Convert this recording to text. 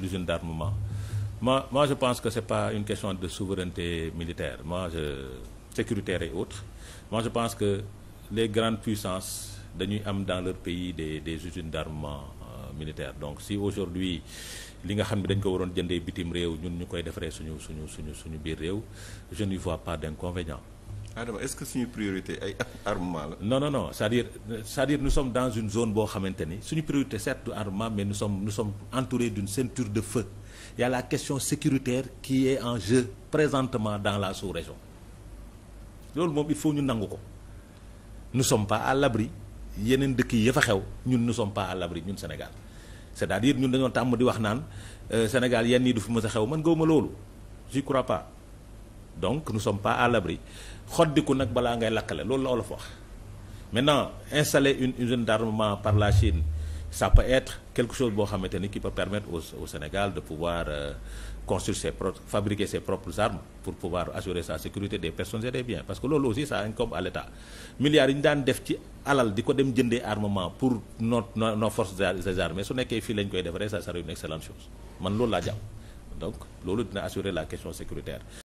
l'usine d'armement moi moi je pense que c'est pas une question de souveraineté militaire moi je sécuritaire et autres moi je pense que les grandes puissances dañuy am dans leur pays des des usines d'armement euh, militaires donc si aujourd'hui li nga xam ne dañ ko waroon jëndee bitim réew ñun ñu koy defaree suñu suñu suñu suñu biir réew je n'y vois pas d'inconvénient Adama est-ce que suñu priorité ay armement la. non non non c'est-à-dire cest à dans une zone boo xamante ni suñu priorité certes du armement mais nous sommes nous sommes entourés d'une ceinture de feu il la question sécuritaire qui est en jeu présentement dans la sous-région loolu moom il faut ñu nangu ko nous sommes pas à l'abri yeneen dëkk yi ya fa xew ñun nous sommes pas à l'abri ñun Sénégal c'est-à-dire ñun dañoo tàmm di wax naan euh, Sénégal yenn yi du fi mës a xew man gëwuma loolu je crois pas. donc nous sommes pas à l'abri xoddiku nag balaa ngay lakkale loolu la olof wax nan installer une usine d'armement par la Chine ça peut être quelque chose boo xamante ni qui peut permettre au au Sénégal de pouvoir euh, construire ses propres fabriquer ses propres armes pour pouvoir assurer sa sécurité des personnes et des biens parce que loolu aussi ça incombe à l'État yi ñu daan def ci alal di ko dem jëndee armement pour nos nos forces des armées su nekkee fii lañ koy defaree ça serait une loolu laa jàpp donc loolu dina assurer la question sécuritaire